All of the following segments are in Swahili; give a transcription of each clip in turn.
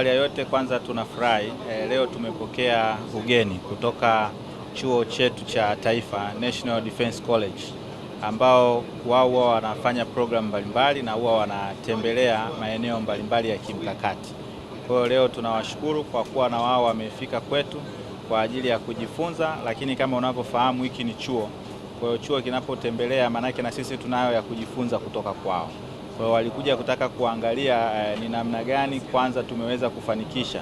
awali ya yote, kwanza tunafurahi e, leo tumepokea ugeni kutoka chuo chetu cha taifa National Defense College, ambao wao huwa wanafanya programu mbalimbali na huwa wanatembelea maeneo mbalimbali ya kimkakati. Kwa hiyo leo tunawashukuru kwa kuwa na wao wamefika kwetu kwa ajili ya kujifunza, lakini kama unavyofahamu hiki ni chuo. Kwa hiyo chuo kinapotembelea, maanake na sisi tunayo ya kujifunza kutoka kwao. Kwa hiyo walikuja kutaka kuangalia eh, ni namna gani kwanza tumeweza kufanikisha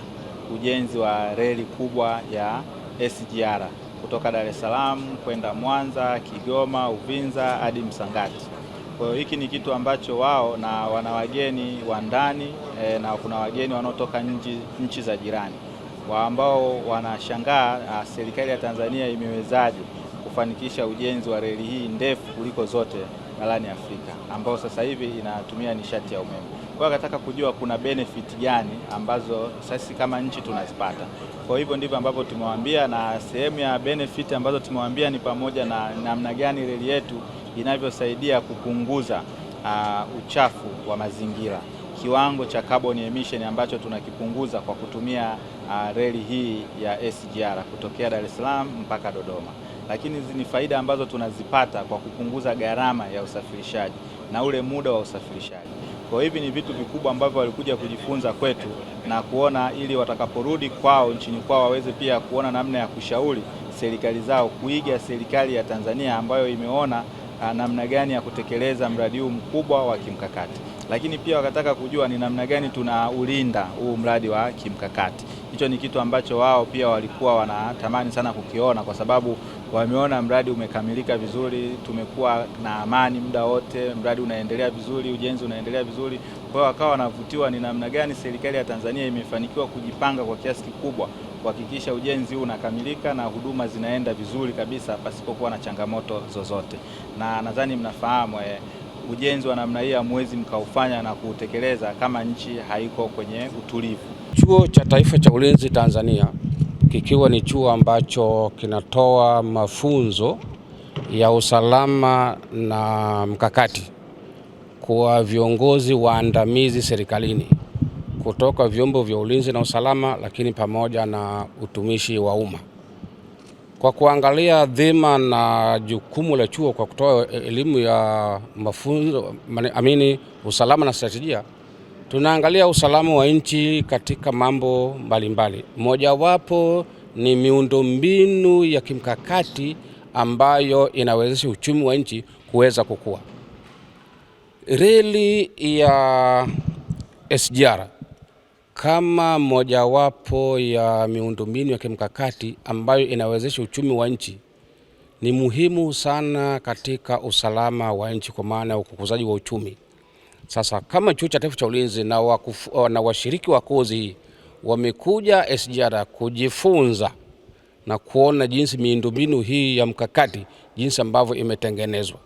ujenzi wa reli kubwa ya SGR kutoka Dar es Salaam kwenda Mwanza, Kigoma, Uvinza hadi Msangati. Kwa hiyo hiki ni kitu ambacho wao na wana wageni wa ndani e, na kuna wageni wanaotoka nchi, nchi za jirani wa ambao wanashangaa ah, serikali ya Tanzania imewezaje kufanikisha ujenzi wa reli hii ndefu kuliko zote barani Afrika ambayo sasa hivi inatumia nishati ya umeme. Kwa hiyo akataka kujua kuna benefit gani ambazo sasa kama nchi tunazipata. Kwa hivyo ndivyo ambavyo tumewaambia, na sehemu ya benefit ambazo tumewaambia ni pamoja na namna gani reli yetu inavyosaidia kupunguza uh, uchafu wa mazingira, kiwango cha carbon emission ambacho tunakipunguza kwa kutumia uh, reli hii ya SGR kutokea Dar es Salaam mpaka Dodoma lakini hizi ni faida ambazo tunazipata kwa kupunguza gharama ya usafirishaji na ule muda wa usafirishaji. Kwa hivi ni vitu vikubwa ambavyo walikuja kujifunza kwetu na kuona, ili watakaporudi kwao nchini kwao waweze pia kuona namna ya kushauri serikali zao kuiga serikali ya Tanzania ambayo imeona ah, namna gani ya kutekeleza mradi huu mkubwa wa kimkakati, lakini pia wakataka kujua ni namna gani tunaulinda huu mradi wa kimkakati hicho ni kitu ambacho wao pia walikuwa wanatamani sana kukiona, kwa sababu wameona mradi umekamilika vizuri, tumekuwa na amani muda wote, mradi unaendelea vizuri, ujenzi unaendelea vizuri. Kwa hiyo wakawa wanavutiwa ni namna gani serikali ya Tanzania imefanikiwa kujipanga kwa kiasi kikubwa kuhakikisha ujenzi huu unakamilika na huduma zinaenda vizuri kabisa pasipokuwa na changamoto zozote, na nadhani mnafahamu eh, ujenzi wa namna hii hamwezi mkaufanya na kuutekeleza kama nchi haiko kwenye utulivu. Chuo cha Taifa cha Ulinzi Tanzania kikiwa ni chuo ambacho kinatoa mafunzo ya usalama na mkakati kwa viongozi waandamizi serikalini kutoka vyombo vya ulinzi na usalama, lakini pamoja na utumishi wa umma. Kwa kuangalia dhima na jukumu la chuo kwa kutoa elimu ya mafunzo amini usalama na strategia, tunaangalia usalama wa nchi katika mambo mbalimbali. Mojawapo ni miundombinu ya kimkakati ambayo inawezesha uchumi wa nchi kuweza kukua. Reli ya SGR kama mojawapo ya miundombinu ya kimkakati ambayo inawezesha uchumi wa nchi, ni muhimu sana katika usalama wa nchi, kwa maana ya ukuzaji wa uchumi. Sasa kama Chuo cha Taifa cha Ulinzi na, wakufu, na washiriki wa kozi hii wamekuja SGR kujifunza na kuona jinsi miundombinu hii ya mkakati jinsi ambavyo imetengenezwa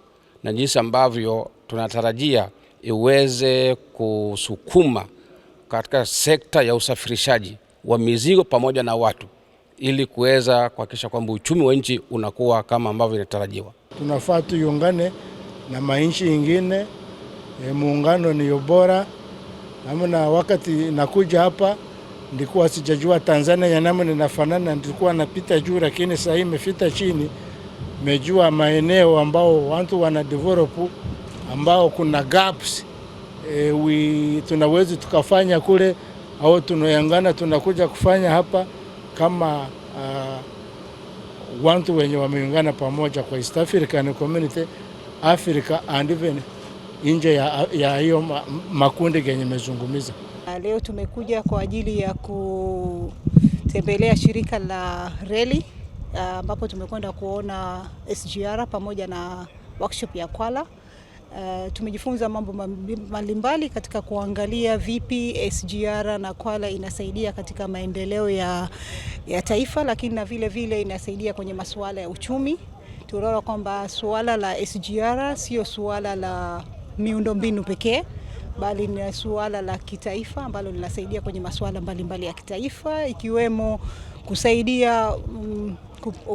na jinsi ambavyo tunatarajia iweze kusukuma katika sekta ya usafirishaji wa mizigo pamoja na watu ili kuweza kuhakikisha kwamba uchumi wa nchi unakuwa kama ambavyo inatarajiwa. Tunafaa tuungane na manchi ingine, e, muungano ni bora namna. Wakati nakuja hapa ndikuwa sijajua Tanzania ya namna inafanana, ndikuwa napita juu, lakini sasa imefita chini, mejua maeneo ambao watu wana develop ambao kuna gaps e, tunawezi tukafanya kule au tunaangana tunakuja kufanya hapa kama uh, watu wenye wameungana pamoja kwa East African Community Africa and even nje ya hiyo ma, makundi yenye mezungumiza. Leo tumekuja kwa ajili ya kutembelea shirika la reli ambapo uh, tumekwenda kuona SGR pamoja na workshop ya Kwala. Uh, tumejifunza mambo mbalimbali katika kuangalia vipi SGR na Kwala inasaidia katika maendeleo ya, ya taifa, lakini na vile vile inasaidia kwenye masuala ya uchumi. Tunaona kwamba suala la SGR sio suala la miundombinu pekee bali ni suala la kitaifa ambalo linasaidia kwenye masuala mbalimbali mbali ya kitaifa ikiwemo kusaidia um,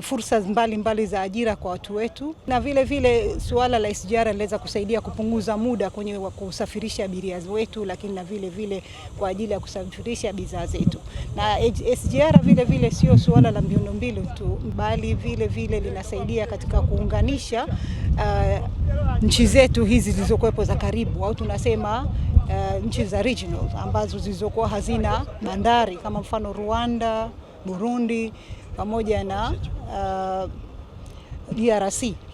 fursa mbalimbali mbali za ajira kwa watu wetu, na vile vile suala la SGR linaweza kusaidia kupunguza muda kwenye kusafirisha abiria wetu, lakini na vile vile kwa ajili ya kusafirisha bidhaa zetu. Na SGR vile vile sio suala la mbili tu, bali vile vile linasaidia katika kuunganisha uh, nchi zetu hizi zilizokuwepo za karibu au tunasema uh, nchi za regional ambazo zilizokuwa hazina bandari kama mfano Rwanda, Burundi pamoja na uh, DRC